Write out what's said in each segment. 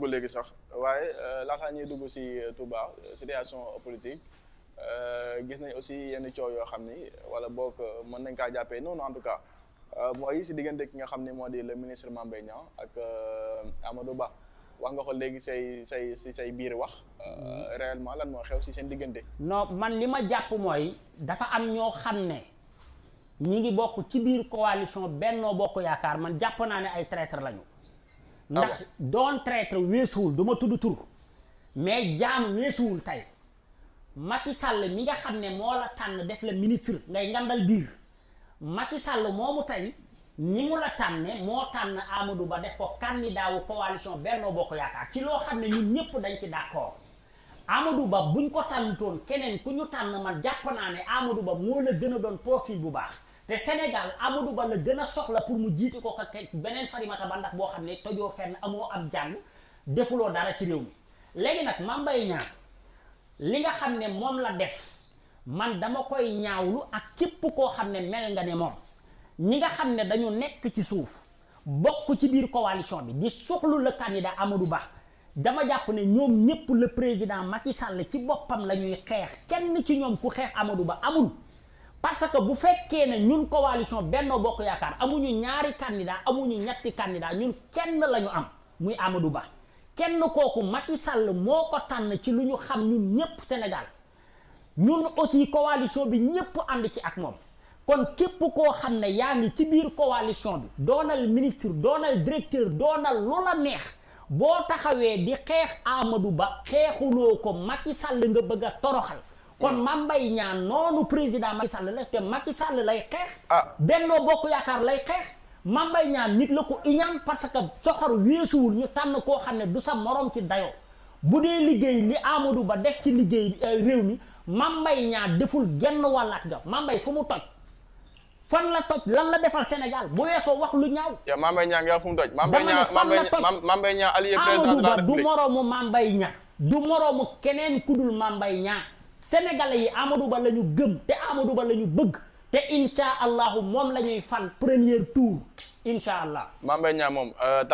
dugg léegi sax waaye euh, laataa ñuy dugg si euh, Touba euh, situation politique gis nañ aussi yenn coow yoo xam ni wala boog mën nañ kaa jàppee noonu en tout cas mooy si diggante ki nga xam ni moo di le ministre Mame Mbaye ak Amadou Ba wax nga ko léegi say say si say biir wax. réellement lan moo xew si seen diggante. non man li ma jàpp mooy dafa am ñoo xam ne ñi ngi bokk ci biir coalition Benno Bokk Yaakaar man jàpp naa ne ay traître lañu. Ah ndax doon traitre weesuwul du ma tudd tur mais jaam weesuwul tey Macky Sall mi nga xam ne moo la tànn def la ministre ngay ngandal biir Macky Sall moomu tey ñi mu la tànne moo tànn Amadou Ba def ko candidat wu coalition Benno Bokk Yaakaar ci loo xam ne ñun ñëpp dañ ci d'accord Amadou Ba buñ ko toon keneen ku ñu tànn man jàpp naa ne Amadou Ba moo la gën a doon profil bu baax te Sénégal Amadou Ba la gën a soxla pour mu jiitu ko ak beneen Farimata Ba ndax boo xam ne tojoo fenn amoo ab jàng defuloo dara ci réew mi léegi nag Mame Mbaye Niang li nga xam ne moom la def man dama koy ñaawlu ak képp koo xam ne mel nga ne moom ñi nga xam ne dañu nekk ci suuf bokk ci biir coalition bi di soxlu le candidat Amadou Ba dama jàpp ne ñoom ñëpp le président Macky Sall ci boppam la ñuy xeex kenn ci ñoom ku xeex Amadou Ba amul parce que bu fekkee ne ñun coalition Benno Bokk Yaakaar amuñu ñaari candidat amuñu ñetti candidat ñun kenn lañu ñu am muy amadu Ba kenn kooku Macky Sall moo ko tànn ci lu ñu xam ñun ñëpp Sénégal ñun aussi coalition bi ñëpp ànd ci ak moom kon képp koo xam ne yaa ngi ci biir coalition bi doonal ministre doonal directeur doonal loola neex boo taxawee di xeex Amadou Ba xeexuloo ko Macky Sall nga bëgg a toroxal kon Mame Mbaye Niang noonu président Macky Sall la te Macky Sall lay xeex. ah Benno Bokk Yaakaar lay xeex. Mame Mbaye Niang nit la ko iñaan parce que soxor weesuwul ñu tànn koo xam ne du sa moroom ci dayoo bu dee liggéey li Amadou Ba def ci liggéey euh, réew mi Mame Mbaye Niang deful genn wàllaat ga Mame Mbaye fu mu toj fan la toj lan la defal Sénégal bu weesoo wax lu ñaaw. yow Mame Mbaye Niang fu mu toj. dama ne fan la toj allié président de la République Amadou Ba du moroomu Mame du moroomu keneen ku dul Mame Mbaye sénégalais yi Amadou Ba la ñu gëm te Amadou Ba la ñu bëgg te incha allahu moom la ñuy fan premier tour incha allah. Mame Mbaye Niang moom euh,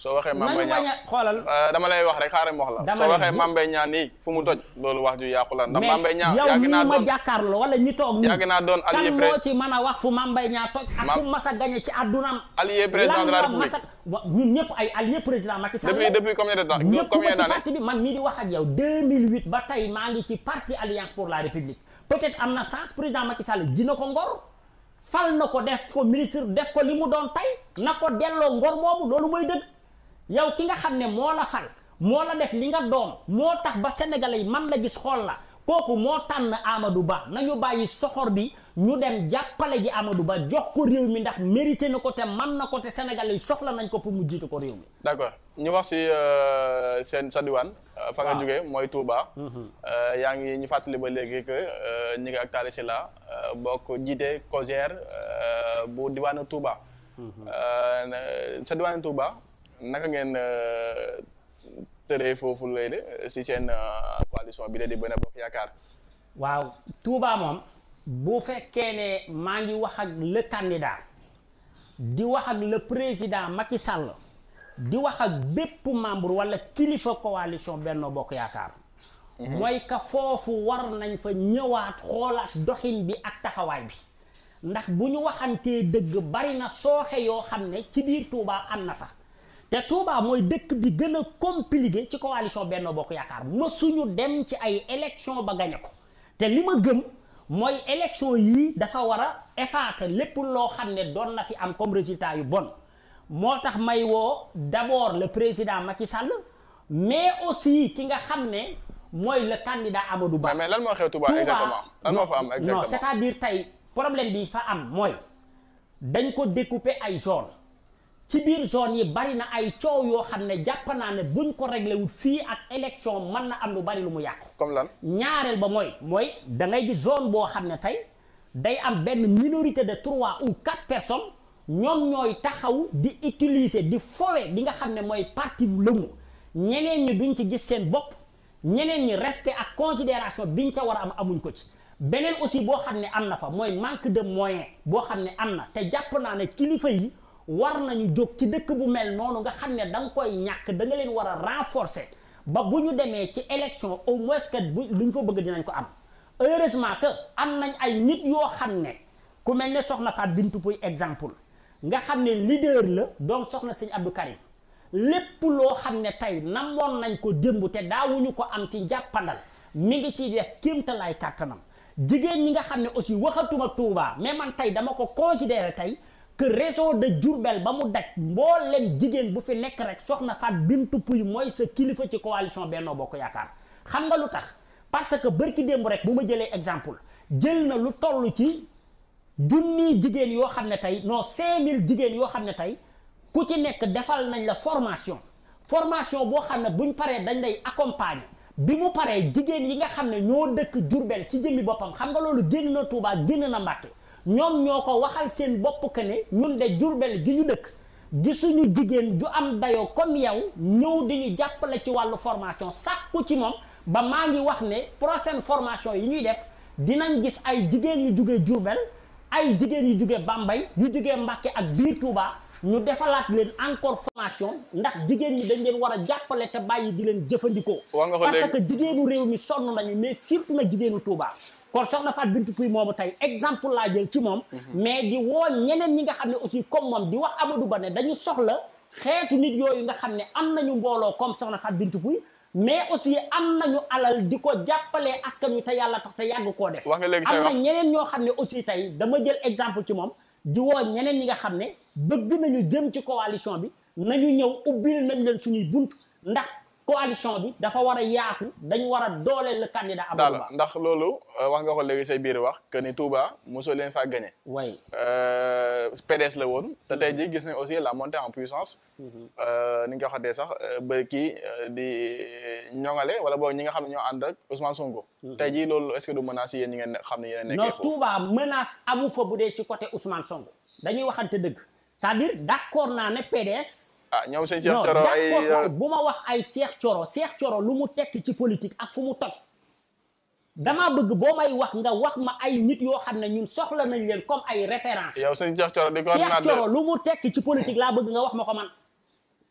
soo waxee Mame Mbaye euh, dama lay wax rek xaaral ma wax la soo waxee Mame Mbaye Niang nii fu mu toj loolu wax ju yàqu la ndax Mame Mbaye Niang yow nii ma jàkkaarloo wala ñi toog nii yàgg naa doon allié kan moo ci mën a wax fu Mame Mbaye toj ak fu mas a gagné ci àddunaam allié président la République ñun ñëpp ay allié président Macky Sall depuis depuis combien de temps ñëpp ma ci parti bi man mii di wax ak yow 2008 ba tey maa ngi ci parti Alliance pour la République peut-être am na sens président Macky Sall dina ko ngor fal na ko def ko ministre def ko li mu doon tey na ko delloo ngor loolu mooy dëgg yow ki nga xam ne moo la fal moo la def li nga doom moo tax ba sénégalais yi man la gis xool la kooku moo tànn Amadou Ba nañu bàyyi soxor bi ñu dem jàppale ji Amadou Ba jox ko réew mi ndax mérité na ko te man na ko te sénégalais yi soxla nañ ko pour mu jiitu ko réew mi. d'accord ñu wax si euh, seen sa diwaan. Euh, fa nga jógee mooy Touba. Mhm. Euh, yaa ngi ñu fàttali ba léegi que ñi ak Talla Sylla bokk jiite COJER bu diwaanu Touba. Mhm. sa diwaanu Touba. naka ngeen euh, tëree foofu lay de si seen euh, coalition bi da di Benno Bokk Yaakaar. waaw Touba moom bu fekkee ne maa ngi wax ak le candidat di wax ak le président Macky Sall di wax ak bépp membre wala kilifa coalition Benno Bokk Yaakaar. Mhm. mooy ka foofu war nañ fa ñëwaat xoolaat doxin bi ak taxawaay bi. ndax bu ñu waxantee dëgg bari na sooxe yoo xam ne ci biir Touba am na fa. te Touba mooy dëkk bi gën a compliqué ci coalition Benno Bokk Yaakaar suñu dem ci ay élection ba gañe ko te li ma gëm mooy élection yii dafa war a effacer lépp loo xam ne doon na fi am comme résultat yu bon moo tax may woo d'abord le président Macky sàll mais aussi ki nga xam ne mooy le candidat amadu Ba. mais lan moo xew Touba exactement lan moo fa am exactement non c'est-à-dire tey problème bi fa am mooy dañ ko découper ay zone ci biir zone yi bari na ay coow yoo xam ne jàpp naa ne buñ ko réglé wut fii ak élection mën na am lu bari lu mu yàqu. comme la ñaareel ba mooy mooy da ngay gis zone boo xam ne tey day am benn minorité de trois ou quatre personnes ñoom ñooy taxaw di utiliser di fowe di nga xam ne mooy parti bu lëmu ñeneen ñi duñ ci gis seen bopp ñeneen ñi respect ak considération biñ ca war a am amuñ ko ci. beneen aussi boo xam ne am na fa mooy manque de moyen boo xam ne am na te jàpp naa ne kilifa yi. war nañu jóg ci dëkk bu mel noonu nga xam ne da nga koy ñàkk danga leen war a renforcer ba bu ñu demee ci élection au moins que bu luñ ko bëgg dinañ ko am heureusement que am nañ ay nit yoo xam ne ku mel ne soxna Fatou Bintou buy exemple nga xam ne leader la doom soxna sëñ Abdou Karim lépp loo xam ne tey namoon nañ ko démb te daawuñu ko am ci jàppandal mi ngi ciy def kéemtalaay kàttanam jigéen ñi nga xam ne aussi waxatuma Touba mais man tey dama ko considéré tey que réseau de Diourbel ba mu daj mboolem jigéen bu fi nekk rek soxna Faat Bintou Pouye mooy sa kilifa ci coalition Benno Bokk Yaakaar xam nga lu tax parce que bërki démb rek bu ma jëlee exemple jël na lu toll ci junni jigéen yoo xam ne tey non 5000 jigéen yoo xam ne tey ku ci nekk defal nañ la formation formation boo xam ne buñ paree dañ lay accompagner bi mu paree jigéen yi nga xam ne ñoo dëkk Diourbel ci jëmmi boppam xam nga loolu génn na Touba génn na Mbàkke ñoom ñoo ko waxal seen bopp que ne ñun de Jurbel gi ñu dëkk gisuñu jigéen ju am dayoo kon yow ñëw di ñu jàppale ci wàllu formation sàkku ci moom ba maa ngi wax ne prochaine formation yi ñuy def dinañ gis ay jigéen yu jugee Jurbel ay jigéen yu jugee Bambey yu jugee Mbàkke ak biir Touba ñu defalaat leen encore formation ndax jigéen ñi dañ leen war a jàppale te bàyyi di leen jëfandikoo. parce que jigéenu réew mi sonn nañu mais surtout na jigéenu Touba. kon soxna Fatou Bintou Pouye moomu tey exemple laa jël ci moom mais di woo ñeneen ñi nga xam ne aussi comme moom di wax Amadou Ba ne dañu soxla xeetu nit yooyu nga xam ne am nañu mbooloo comme soxna Fatou Bintou Pouye mais aussi am nañu alal di ko jàppalee askan wi te yàlla tax te yàgg koo def wax nga léegi am na ñeneen ñoo xam ne aussi tey dama jël exemple ci moom di woo ñeneen ñi nga xam ne bëgg nañu jëm ci coalition bi nañu ñëw ubbil nañ leen suñuy bunt ndax coalition bi dafa war a yaatu dañu war a dooleel le candidat Amadou ndax loolu euh, wax nga ko léegi say biir wax que ni Touba mosoo leen faa gagné. way euh, PDS la woon. te tey jii mm-hmm. gis nañ aussi la montée en puissance. Mm-hmm. Euh, ni nga ko waxatee sax ba kii di ñoŋale wala boog ñi nga xam ne ñoo ànd ak Ousmane Sonko. Mm-hmm. tey jii loolu est-ce que du menace yéen ñi ngeen xam ne yéen a nekkee foofu. non Touba menace amu fa bu dee ci côté Ousmane Sonko dañuy waxante dëgg cest à d'accord naa ne PDS. ah ñoom seen Cheikh Thioro euh, bu ma wax ay Cheikh Thioro Cheikh Thioro lu mu tekk ci politique ak fu mu toj damaa bëgg boo may wax nga wax ma ay nit yoo xam ne ñun soxla nañ leen comme ay référence yow seen Cheikh Thioro di ko lu mu tekk ci politique laa bëgg nga wax ma ko man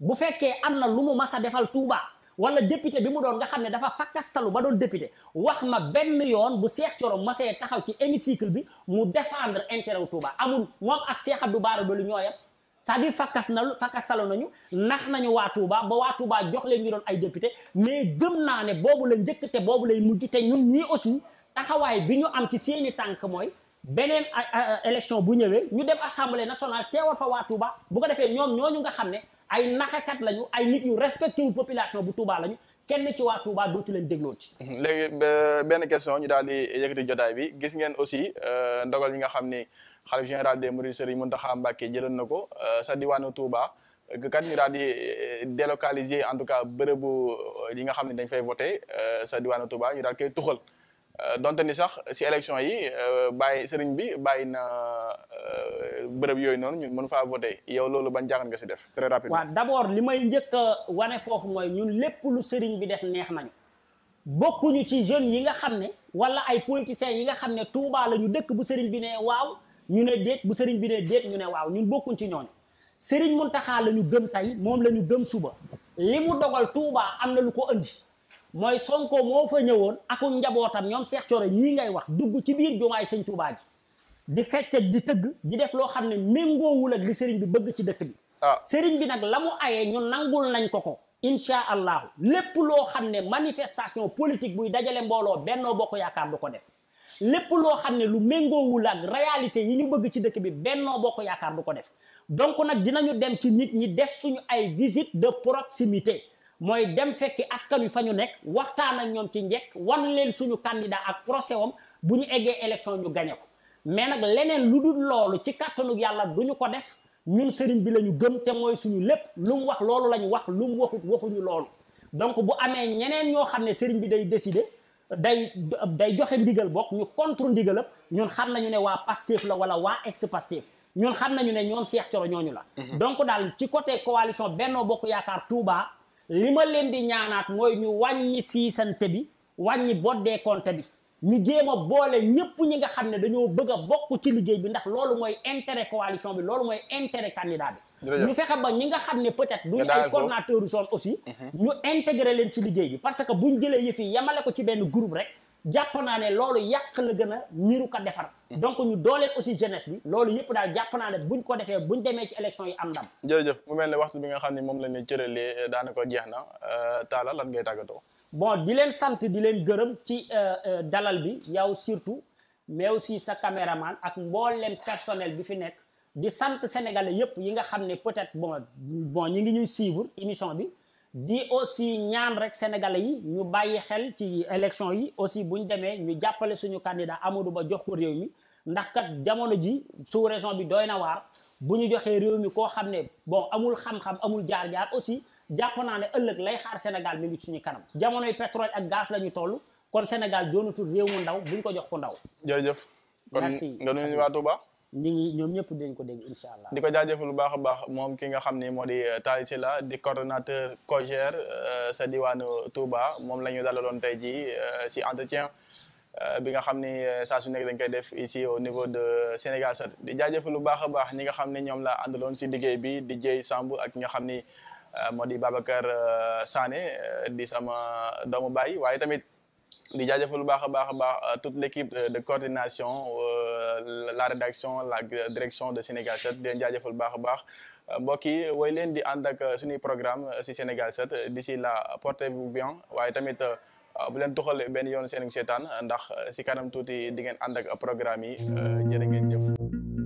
bu fekkee am na lu mu mas a defal tuubaa wala député bi mu doon nga xam ne dafa fakkastalu ba doon député wax ma benn yoon bu seex Thioro masee taxaw ci hémicycle bi mu défendre intérêt wu Touba amul moom ak Cheikh Abdou Bara Dolly ñooyam c'est-à-dire fakkas na fakkastalo nañu nax nañu waa Touba ba waa Touba jox leen ñu doon ay député mais gëm naa ne boobu la njëkk te boobu lay mujj te ñun ñii aussi taxawaay bi ñu am ci seeni tànk mooy beneen élection bu ñëwee ñu dem assemblée nationale teewal fa waa Touba bu ko defee ñoom ñooñu nga xam ne ay naxakat lañu ay nit ñu population bu Touba lañu kenn ci waa Touba dootu leen dégloo ci. Mhm. léegi benn question ñu daal di yëkkati jotaay bi gis ngeen aussi euh, ndogal yi nga xam ni. xalif général de des mourides Serigne Mountakha Mbacké jëlal na ko euh, sa diwaanu Touba euh, kat ñu daal di euh, délocaliser en tout cas bërëbu yi nga xam ne dañ fay voté sa diwaanu Touba ñu daal koy tuxal donte ni sax si élection yi bàyyi sëriñ bi bàyyi na bërëb yooyu noonu ñun mënu faa voté yow loolu ban jàngat nga si def très rapide waaw d'abord li may njëkk wane foofu mooy ñun lépp lu sëriñ bi def neex nañu bokkuñu ci jeunes yi nga xam ne wala ay politiciens yi nga xam ne Touba la ñu dëkk bu sëriñ bi ne waaw ñu ne déet bu sëriñ bi ne déet ñu ne waaw ñun bokkuñ ci ñooñu sëriñ Muntaxa la ñu gëm tey moom la ñu gëm suba li mu dogal Touba am na lu ko andi mooy Sonko moo fa ñëwoon aku njabootam ñoom Seex Coro ñii ngay wax dugg ci biir jumaay sëñ Touba ji di fecc di tëgg di def loo xam ne méngoowul ak li sëriñ bi bëgg ci dëkk bi ah. sëriñ bi nag la mu ayee ñu nangul nañ ko ko incha allahu lépp loo xam ne manifestation politique buy dajale mbooloo Benno Bokk Yaakaar du ko def lépp loo xam ne lu méngoowul ak réalité yi ñu bëgg ci dëkk bi Benno Bokk Yaakaar du ko def donc nag dinañu dem ci nit ñi def suñu ay visite de proximité mooy dem fekki askan wi fa ñu nekk waxtaan ak ñoom ci njekk wan leen suñu candidat ak procès bu ñu eggee élection ñu gañe ko mais nag leneen lu dul loolu ci kàttanu yàlla du ñu ko def ñun sëriñ bi la ñu gëm te mooy suñu lépp lu mu wax loolu la ñu wax lu mu waxut waxuñu loolu donc bu amee ñeneen ñoo xam ne sëriñ bi day décider day day joxe ndigal bokk ñu contre la ñun xam nañu ne waa Pastef la wala waa ex Pastef ñun xam nañu ne ñoom Cheikh Thioro ñooñu la. Mhm. donc daal ci côté coalition bennoo Bokk Yaakaar Touba li ma leen di ñaanaat mooy ñu wàññi siisante bi wàññi boddee compte bi. ñu jéem a boole ñëpp ñi nga xam ne dañoo bëgg a bokk ci liggéey bi ndax loolu mooy intérêt coalition bi loolu mooy intérêt candidat bi. ñu fexe ba ñi nga xam ne peut-être duñ ay coordonnateur u zone aussi mhm. ñu intégré leen ci liggéey bi parce que buñ jëlee yëf yamale ko ci benn groupe rek jàpp naa ne loolu yàq la gën a niru ko defar mhm. donc ñu dooleel aussi jeunesse bi loolu yëpp daal jàpp naa ne buñ ko defee buñ demee ci élection yi am ndam jërëjëf mu mel ne waxtu bi nga xam ne moom la ne cëralee eh, daanaka jeex na euh, Talla lan ngay tàggatoo bon di leen sant di leen gërëm ci euh, euh, dalal bi yow surtout mais aussi sa caméraman ak mboolem personnel bi fi nekk di sant sénégalais yëpp yi nga xam ne peut-être bon bon ñu ngi ñuy suivre émission bi di aussi ñaan rek sénégalais yi ñu bàyyi xel ci élection yi aussi bu ñu demee ñu jàppale suñu candidat Amadou Ba jox ko réew mi ndax kat jamono ji su région bi dooy na waar bu ñu joxee réew mi koo xam ne bon amul xam-xam amul jaar-jaar aussi jàpp naa ne ëllëg lay xaar Sénégal mi ngi suñu kanam jamonoy pétrole ak gaz la ñu toll kon Sénégal doonatul réew mu ndaw bu ñu ko jox ko ndaw. ñoom ñëpp dañ incha allah. di ko jaajëfal lu baax baax moom ki nga xam ni moo di euh, Talla Sylla di coordonnateur COJER euh, sa diwaanu Touba moom la ñu dalaloon tey jii euh, si entretien bi nga xam ni saa su nekk dañ koy def ici au niveau de Sénégal 7 di jaajëfal lu baax a baax ñi nga xam ne ñoom laa àndaloon si liggéey bi di Dieye Samb ak ki nga xam ni moo di Babacar Sané di sama doomu baay waaye tamit. di jaajëfal lu baax a baax a baax euh, toute l'équipe de coordination euh, la rédaction la direction de Sénégal 7 di leen jaajëfal lu baax a baax euh, mbokk yi way leen di ànd ak suñuy programme si Sénégal 7 d'ici là portez-vous bien waaye tamit bu leen tuxal benn yoon seen seetaan ndax si kanam tuuti di ngeen ànd ak programme yi jërë ngeen jëf